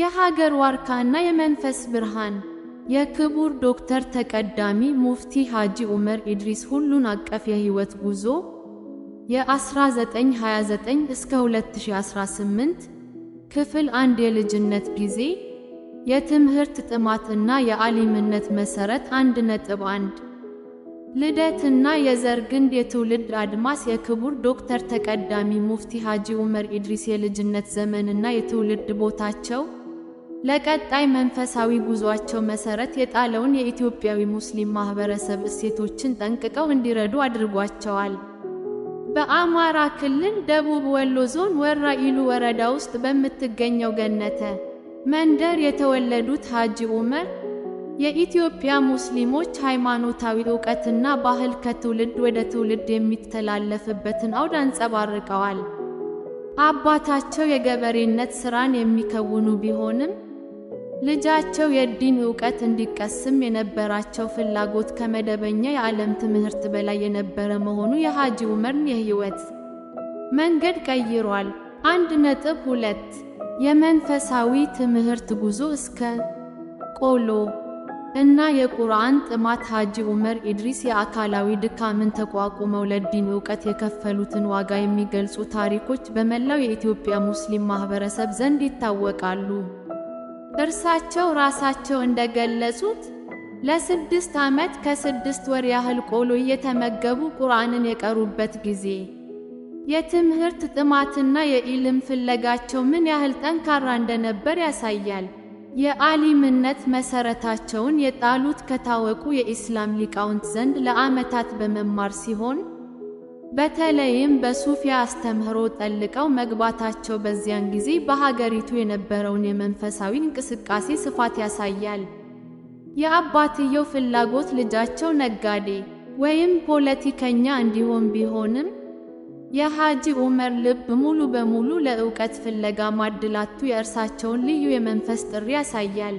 የሀገር ዋርካና የመንፈስ ብርሃን የክቡር ዶክተር ተቀዳሚ ሙፍቲ ሐጂ ዑመር ኢድሪስ ሁሉን አቀፍ የህይወት ጉዞ የ1929 እስከ 2018 ክፍል አንድ የልጅነት ጊዜ የትምህርት ጥማትና የዓሊምነት ነጥብ አንድ ልደትና የዘር ግንድ የትውልድ አድማስ የክቡር ዶክተር ተቀዳሚ ሙፍቲ ሐጂ ዑመር ኢድሪስ የልጅነት ዘመንና የትውልድ ቦታቸው ለቀጣይ መንፈሳዊ ጉዟቸው መሰረት የጣለውን የኢትዮጵያዊ ሙስሊም ማህበረሰብ እሴቶችን ጠንቅቀው እንዲረዱ አድርጓቸዋል። በአማራ ክልል ደቡብ ወሎ ዞን ወራኢሉ ወረዳ ውስጥ በምትገኘው ገነተ መንደር የተወለዱት ሐጂ ዑመር የኢትዮጵያ ሙስሊሞች ሃይማኖታዊ ዕውቀትና ባህል ከትውልድ ወደ ትውልድ የሚተላለፍበትን አውድ አንጸባርቀዋል። አባታቸው የገበሬነት ሥራን የሚከውኑ ቢሆንም ልጃቸው የዲን እውቀት እንዲቀስም የነበራቸው ፍላጎት ከመደበኛ የዓለም ትምህርት በላይ የነበረ መሆኑ የሐጂ ዑመርን የሕይወት መንገድ ቀይሯል። አንድ ነጥብ ሁለት የመንፈሳዊ ትምህርት ጉዞ እስከ ቆሎ እና የቁርአን ጥማት ሐጂ ዑመር ኢድሪስ የአካላዊ ድካምን ተቋቁመው ለዲን እውቀት የከፈሉትን ዋጋ የሚገልጹ ታሪኮች በመላው የኢትዮጵያ ሙስሊም ማህበረሰብ ዘንድ ይታወቃሉ። እርሳቸው ራሳቸው እንደገለጹት ለስድስት ዓመት ከስድስት ወር ያህል ቆሎ እየተመገቡ ቁርአንን የቀሩበት ጊዜ የትምህርት ጥማትና የኢልም ፍለጋቸው ምን ያህል ጠንካራ እንደነበር ያሳያል። የአሊምነት መሰረታቸውን የጣሉት ከታወቁ የኢስላም ሊቃውንት ዘንድ ለዓመታት በመማር ሲሆን በተለይም በሱፊያ አስተምህሮ ጠልቀው መግባታቸው በዚያን ጊዜ በሀገሪቱ የነበረውን የመንፈሳዊ እንቅስቃሴ ስፋት ያሳያል። የአባትየው ፍላጎት ልጃቸው ነጋዴ ወይም ፖለቲከኛ እንዲሆን ቢሆንም የሃጂ ዑመር ልብ ሙሉ በሙሉ ለእውቀት ፍለጋ ማድላቱ የእርሳቸውን ልዩ የመንፈስ ጥሪ ያሳያል።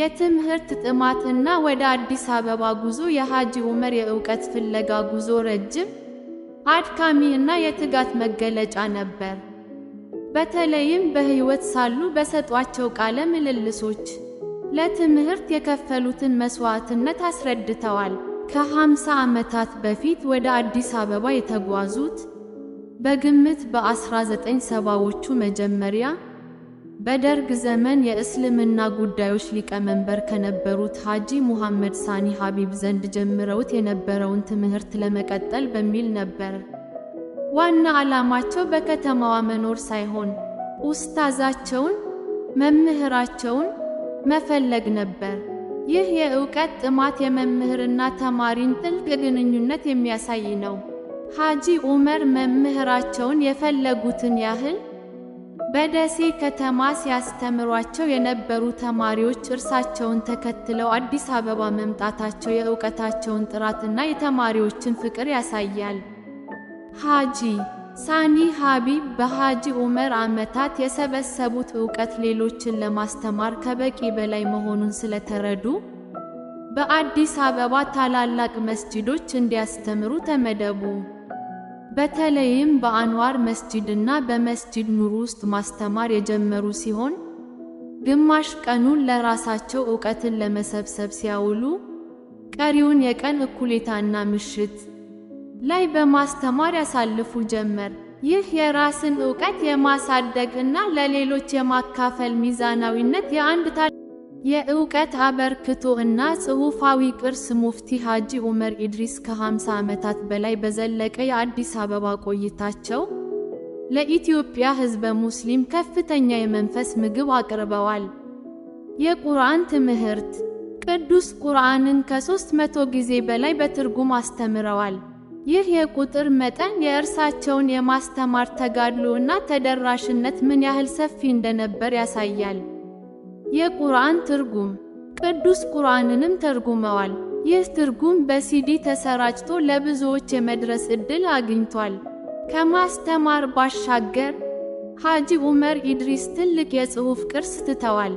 የትምህርት ጥማትና ወደ አዲስ አበባ ጉዞ የሃጂ ዑመር የእውቀት ፍለጋ ጉዞ ረጅም አድካሚ እና የትጋት መገለጫ ነበር። በተለይም በሕይወት ሳሉ በሰጧቸው ቃለ ምልልሶች ለትምህርት የከፈሉትን መስዋዕትነት አስረድተዋል። ከ50 ዓመታት በፊት ወደ አዲስ አበባ የተጓዙት በግምት በ1970ዎቹ መጀመሪያ በደርግ ዘመን የእስልምና ጉዳዮች ሊቀመንበር ከነበሩት ሐጂ ሙሐመድ ሳኒ ሀቢብ ዘንድ ጀምረውት የነበረውን ትምህርት ለመቀጠል በሚል ነበር። ዋና ዓላማቸው በከተማዋ መኖር ሳይሆን ኡስታዛቸውን፣ መምህራቸውን መፈለግ ነበር። ይህ የእውቀት ጥማት የመምህርና ተማሪን ጥልቅ ግንኙነት የሚያሳይ ነው። ሐጂ ዑመር መምህራቸውን የፈለጉትን ያህል በደሴ ከተማ ሲያስተምሯቸው የነበሩ ተማሪዎች እርሳቸውን ተከትለው አዲስ አበባ መምጣታቸው የእውቀታቸውን ጥራትና የተማሪዎችን ፍቅር ያሳያል። ሃጂ ሳኒ ሀቢብ በሃጂ ዑመር ዓመታት የሰበሰቡት እውቀት ሌሎችን ለማስተማር ከበቂ በላይ መሆኑን ስለተረዱ በአዲስ አበባ ታላላቅ መስጂዶች እንዲያስተምሩ ተመደቡ። በተለይም በአንዋር መስጂድ እና በመስጂድ ኑር ውስጥ ማስተማር የጀመሩ ሲሆን ግማሽ ቀኑን ለራሳቸው ዕውቀትን ለመሰብሰብ ሲያውሉ፣ ቀሪውን የቀን እኩሌታና ምሽት ላይ በማስተማር ያሳልፉ ጀመር። ይህ የራስን ዕውቀት የማሳደግ እና ለሌሎች የማካፈል ሚዛናዊነት የአንድ የእውቀት አበርክቶ እና ጽሑፋዊ ቅርስ ሙፍቲ ሐጂ ዑመር ኢድሪስ ከ50 ዓመታት በላይ በዘለቀ የአዲስ አበባ ቆይታቸው ለኢትዮጵያ ሕዝበ ሙስሊም ከፍተኛ የመንፈስ ምግብ አቅርበዋል። የቁርአን ትምህርት፣ ቅዱስ ቁርአንን ከ300 ጊዜ በላይ በትርጉም አስተምረዋል። ይህ የቁጥር መጠን የእርሳቸውን የማስተማር ተጋድሎ እና ተደራሽነት ምን ያህል ሰፊ እንደነበር ያሳያል። የቁርአን ትርጉም ቅዱስ ቁርአንንም ተርጉመዋል። ይህ ትርጉም በሲዲ ተሰራጭቶ ለብዙዎች የመድረስ ዕድል አግኝቷል። ከማስተማር ባሻገር ሐጂ ዑመር ኢድሪስ ትልቅ የጽሑፍ ቅርስ ትተዋል።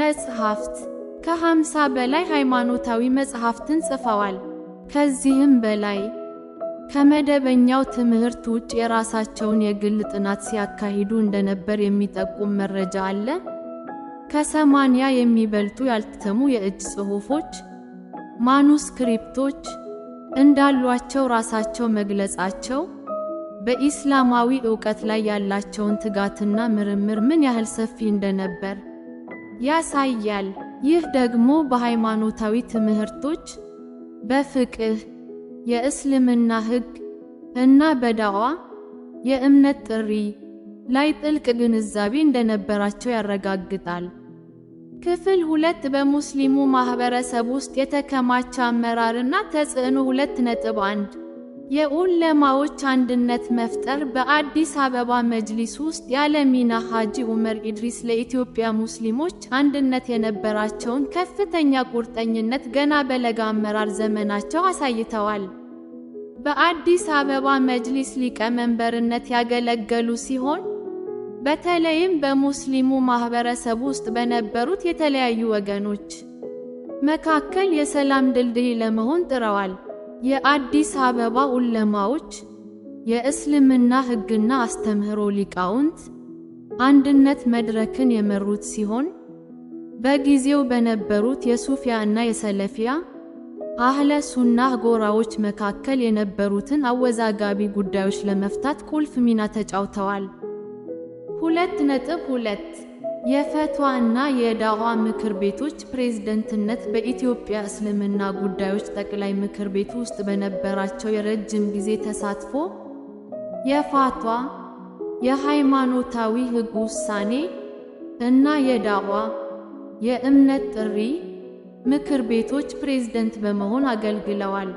መጽሐፍት ከሃምሳ በላይ ሃይማኖታዊ መጽሐፍትን ጽፈዋል። ከዚህም በላይ ከመደበኛው ትምህርት ውጭ የራሳቸውን የግል ጥናት ሲያካሂዱ እንደነበር የሚጠቁም መረጃ አለ። ከሰማንያ የሚበልጡ ያልተተሙ የእጅ ጽሑፎች ማኑስክሪፕቶች እንዳሏቸው ራሳቸው መግለጻቸው በኢስላማዊ ዕውቀት ላይ ያላቸውን ትጋትና ምርምር ምን ያህል ሰፊ እንደነበር ያሳያል። ይህ ደግሞ በሃይማኖታዊ ትምህርቶች፣ በፍቅህ፣ የእስልምና ሕግ እና በዳዋ የእምነት ጥሪ ላይ ጥልቅ ግንዛቤ እንደነበራቸው ያረጋግጣል። ክፍል ሁለት በሙስሊሙ ማህበረሰብ ውስጥ የተከማቸ አመራርና ተጽዕኖ 2.1 የኡለማዎች አንድነት መፍጠር በአዲስ አበባ መጅሊስ ውስጥ ያለ ሚና ሐጂ ዑመር ኢድሪስ ለኢትዮጵያ ሙስሊሞች አንድነት የነበራቸውን ከፍተኛ ቁርጠኝነት ገና በለጋ አመራር ዘመናቸው አሳይተዋል። በአዲስ አበባ መጅሊስ ሊቀመንበርነት ያገለገሉ ሲሆን በተለይም በሙስሊሙ ማህበረሰብ ውስጥ በነበሩት የተለያዩ ወገኖች መካከል የሰላም ድልድይ ለመሆን ጥረዋል። የአዲስ አበባ ዑለማዎች፣ የእስልምና ሕግና አስተምህሮ ሊቃውንት አንድነት መድረክን የመሩት ሲሆን በጊዜው በነበሩት የሱፊያ እና የሰለፊያ አህለ ሱና ጎራዎች መካከል የነበሩትን አወዛጋቢ ጉዳዮች ለመፍታት ቁልፍ ሚና ተጫውተዋል። ሁለት ነጥብ ሁለት የፈትዋ እና የዳዋ ምክር ቤቶች ፕሬዝደንትነት በኢትዮጵያ እስልምና ጉዳዮች ጠቅላይ ምክር ቤት ውስጥ በነበራቸው የረጅም ጊዜ ተሳትፎ የፋቷ፣ የሃይማኖታዊ ሕግ ውሳኔ እና የዳዋ የእምነት ጥሪ ምክር ቤቶች ፕሬዝደንት በመሆን አገልግለዋል።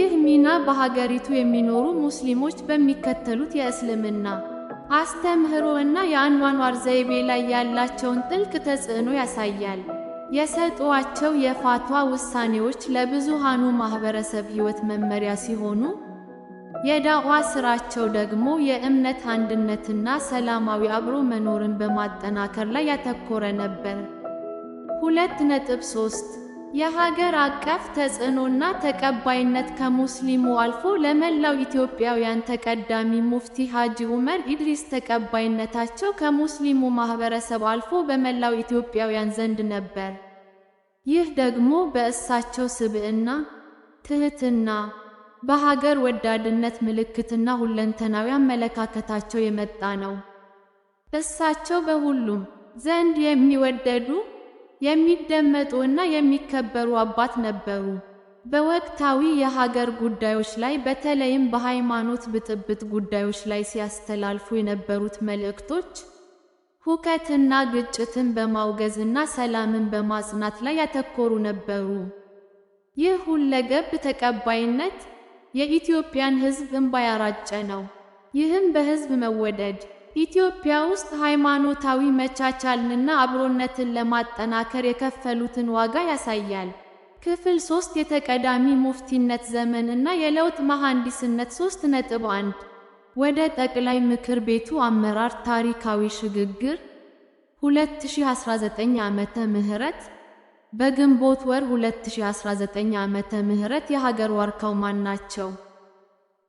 ይህ ሚና በሀገሪቱ የሚኖሩ ሙስሊሞች በሚከተሉት የእስልምና አስተምህሮና የአኗኗር ዘይቤ ላይ ያላቸውን ጥልቅ ተጽዕኖ ያሳያል። የሰጧቸው የፋቷ ውሳኔዎች ለብዙሃኑ ማኅበረሰብ ሕይወት መመሪያ ሲሆኑ፣ የዳዋ ሥራቸው ደግሞ የእምነት አንድነትና ሰላማዊ አብሮ መኖርን በማጠናከር ላይ ያተኮረ ነበር። 2.3 የሀገር አቀፍ ተጽዕኖና ተቀባይነት ከሙስሊሙ አልፎ ለመላው ኢትዮጵያውያን ተቀዳሚ ሙፍቲ ሀጂ ዑመር ኢድሪስ ተቀባይነታቸው ከሙስሊሙ ማህበረሰብ አልፎ በመላው ኢትዮጵያውያን ዘንድ ነበር። ይህ ደግሞ በእሳቸው ስብዕና፣ ትህትና፣ በሀገር ወዳድነት ምልክትና ሁለንተናዊ አመለካከታቸው የመጣ ነው። እሳቸው በሁሉም ዘንድ የሚወደዱ የሚደመጡ እና የሚከበሩ አባት ነበሩ። በወቅታዊ የሀገር ጉዳዮች ላይ በተለይም በሃይማኖት ብጥብጥ ጉዳዮች ላይ ሲያስተላልፉ የነበሩት መልእክቶች ሁከትና ግጭትን በማውገዝና ሰላምን በማጽናት ላይ ያተኮሩ ነበሩ። ይህ ሁለገብ ተቀባይነት የኢትዮጵያን ሕዝብ እምባ ያራጨ ነው። ይህም በሕዝብ መወደድ ኢትዮጵያ ውስጥ ሃይማኖታዊ መቻቻልንና አብሮነትን ለማጠናከር የከፈሉትን ዋጋ ያሳያል። ክፍል 3 የተቀዳሚ ሙፍቲነት ዘመን እና የለውጥ መሐንዲስነት 1 ወደ ጠቅላይ ምክር ቤቱ አመራር ታሪካዊ ሽግግር 2019 ዓመተ ምህረት በግንቦት ወር 2019 ዓመተ ምህረት የሀገር ዋርካው ማን ናቸው?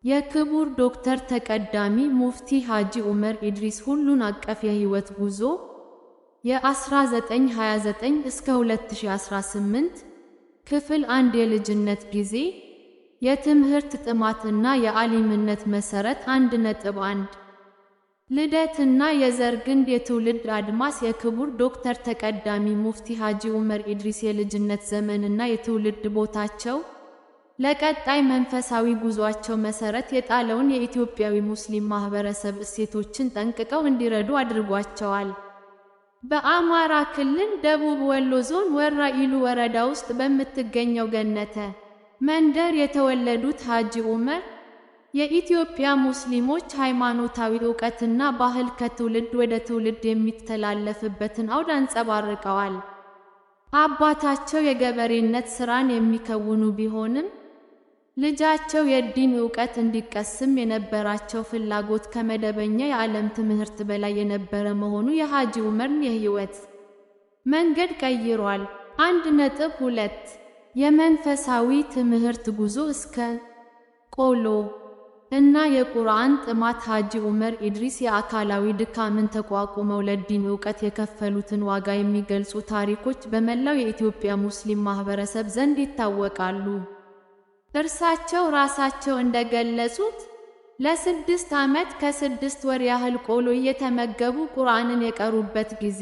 የክቡር ዶክተር ተቀዳሚ ሙፍቲ ሐጂ ዑመር ኢድሪስ ሁሉን አቀፍ የህይወት ጉዞ የ1929 እስከ 2018 ክፍል አንድ የልጅነት ጊዜ የትምህርት ጥማትና የአሊምነት መሰረት አንድ ልደትና የዘር ግንድ የትውልድ አድማስ የክቡር ዶክተር ተቀዳሚ ሙፍቲ ሐጂ ዑመር ኢድሪስ የልጅነት ዘመንና የትውልድ ቦታቸው ለቀጣይ መንፈሳዊ ጉዟቸው መሰረት የጣለውን የኢትዮጵያዊ ሙስሊም ማህበረሰብ እሴቶችን ጠንቅቀው እንዲረዱ አድርጓቸዋል። በአማራ ክልል ደቡብ ወሎ ዞን ወራ ኢሉ ወረዳ ውስጥ በምትገኘው ገነተ መንደር የተወለዱት ሐጂ ዑመር የኢትዮጵያ ሙስሊሞች ሃይማኖታዊ ዕውቀትና ባህል ከትውልድ ወደ ትውልድ የሚተላለፍበትን አውድ አንጸባርቀዋል። አባታቸው የገበሬነት ሥራን የሚከውኑ ቢሆንም ልጃቸው የዲን እውቀት እንዲቀስም የነበራቸው ፍላጎት ከመደበኛ የዓለም ትምህርት በላይ የነበረ መሆኑ የሐጂ ዑመርን የህይወት መንገድ ቀይሯል። አንድ ነጥብ ሁለት የመንፈሳዊ ትምህርት ጉዞ እስከ ቆሎ እና የቁርአን ጥማት ሐጂ ዑመር ኢድሪስ የአካላዊ ድካምን ተቋቁመው ለዲን እውቀት የከፈሉትን ዋጋ የሚገልጹ ታሪኮች በመላው የኢትዮጵያ ሙስሊም ማህበረሰብ ዘንድ ይታወቃሉ። እርሳቸው ራሳቸው እንደገለጹት ለስድስት ዓመት ከስድስት ወር ያህል ቆሎ እየተመገቡ ቁርአንን የቀሩበት ጊዜ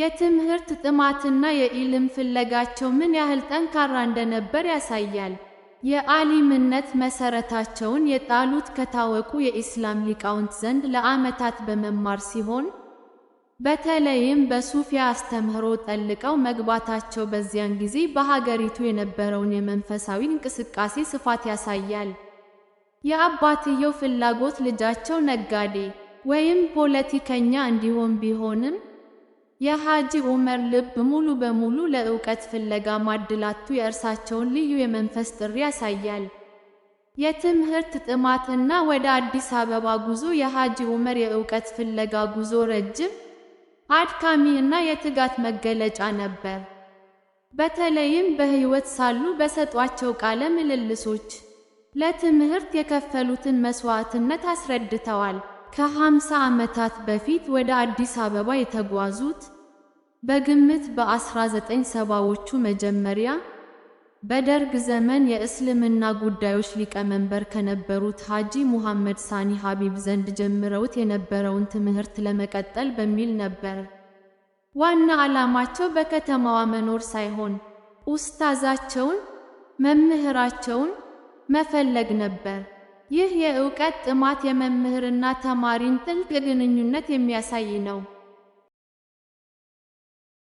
የትምህርት ጥማትና የኢልም ፍለጋቸው ምን ያህል ጠንካራ እንደነበር ያሳያል። የአሊምነት መሰረታቸውን የጣሉት ከታወቁ የኢስላም ሊቃውንት ዘንድ ለዓመታት በመማር ሲሆን በተለይም በሱፊያ አስተምህሮ ጠልቀው መግባታቸው በዚያን ጊዜ በሀገሪቱ የነበረውን የመንፈሳዊ እንቅስቃሴ ስፋት ያሳያል። የአባትየው ፍላጎት ልጃቸው ነጋዴ ወይም ፖለቲከኛ እንዲሆን ቢሆንም የሐጂ ዑመር ልብ ሙሉ በሙሉ ለእውቀት ፍለጋ ማድላቱ የእርሳቸውን ልዩ የመንፈስ ጥሪ ያሳያል። የትምህርት ጥማትና ወደ አዲስ አበባ ጉዞ የሐጂ ዑመር የእውቀት ፍለጋ ጉዞ ረጅም አድካሚ እና የትጋት መገለጫ ነበር። በተለይም በሕይወት ሳሉ በሰጧቸው ቃለ ምልልሶች ለትምህርት የከፈሉትን መስዋዕትነት አስረድተዋል። ከ50 ዓመታት በፊት ወደ አዲስ አበባ የተጓዙት በግምት በ1970ዎቹ መጀመሪያ በደርግ ዘመን የእስልምና ጉዳዮች ሊቀመንበር ከነበሩት ሐጂ ሙሐመድ ሳኒ ሀቢብ ዘንድ ጀምረውት የነበረውን ትምህርት ለመቀጠል በሚል ነበር። ዋና ዓላማቸው በከተማዋ መኖር ሳይሆን ኡስታዛቸውን፣ መምህራቸውን መፈለግ ነበር። ይህ የእውቀት ጥማት የመምህርና ተማሪን ጥልቅ ግንኙነት የሚያሳይ ነው።